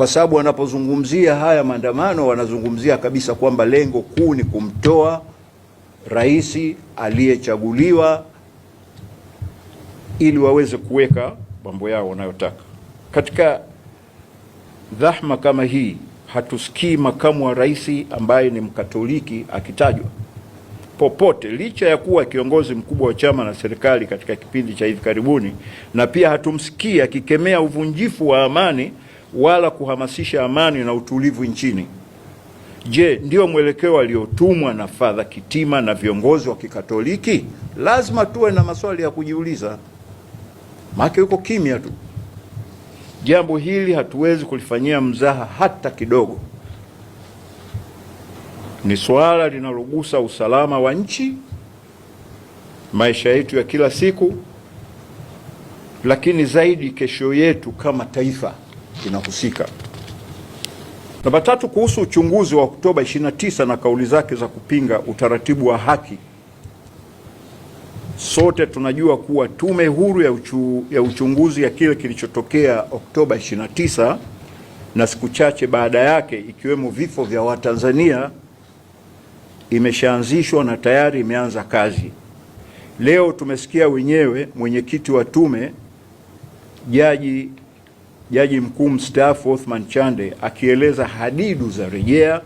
kwa sababu wanapozungumzia haya maandamano wanazungumzia kabisa kwamba lengo kuu ni kumtoa rais aliyechaguliwa ili waweze kuweka mambo yao wanayotaka. Katika dhahma kama hii, hatusikii makamu wa rais ambaye ni Mkatoliki akitajwa popote, licha ya kuwa kiongozi mkubwa wa chama na serikali katika kipindi cha hivi karibuni, na pia hatumsikii akikemea uvunjifu wa amani wala kuhamasisha amani na utulivu nchini. Je, ndio mwelekeo aliotumwa na Fadha Kitima na viongozi wa Kikatoliki? Lazima tuwe na maswali ya kujiuliza, make yuko kimya tu. Jambo hili hatuwezi kulifanyia mzaha hata kidogo. Ni swala linalogusa usalama wa nchi, maisha yetu ya kila siku, lakini zaidi kesho yetu kama taifa inahusika Namba tatu, kuhusu uchunguzi wa Oktoba 29 na kauli zake za kupinga utaratibu wa haki. Sote tunajua kuwa tume huru ya, uchu, ya uchunguzi ya kile kilichotokea Oktoba 29 na siku chache baada yake ikiwemo vifo vya Watanzania imeshaanzishwa na tayari imeanza kazi. Leo tumesikia wenyewe mwenyekiti wa tume Jaji Jaji mkuu mstaafu Othman Chande akieleza hadidu za rejea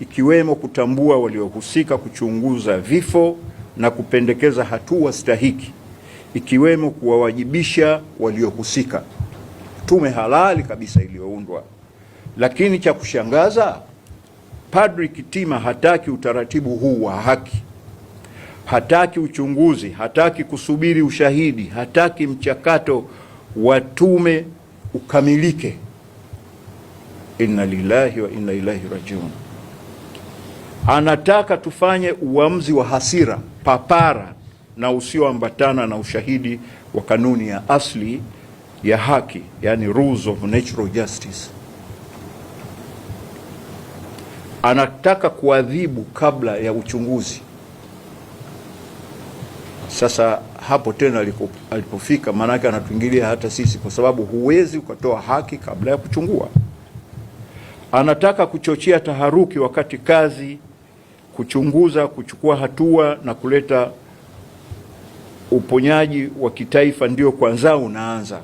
ikiwemo kutambua waliohusika, kuchunguza vifo na kupendekeza hatua stahiki ikiwemo kuwawajibisha waliohusika. Tume halali kabisa iliyoundwa, lakini cha kushangaza, Padri Kitima hataki utaratibu huu wa haki, hataki uchunguzi, hataki kusubiri ushahidi, hataki mchakato wa tume ukamilike. Inna lillahi wa inna ilaihi rajiun. Anataka tufanye uamuzi wa hasira, papara na usioambatana na ushahidi wa kanuni ya asli ya haki, yani rules of natural justice. Anataka kuadhibu kabla ya uchunguzi. Sasa hapo tena alipofika, maanake anatuingilia hata sisi, kwa sababu huwezi ukatoa haki kabla ya kuchungua. Anataka kuchochea taharuki wakati kazi kuchunguza, kuchukua hatua na kuleta uponyaji wa kitaifa ndio kwanza unaanza.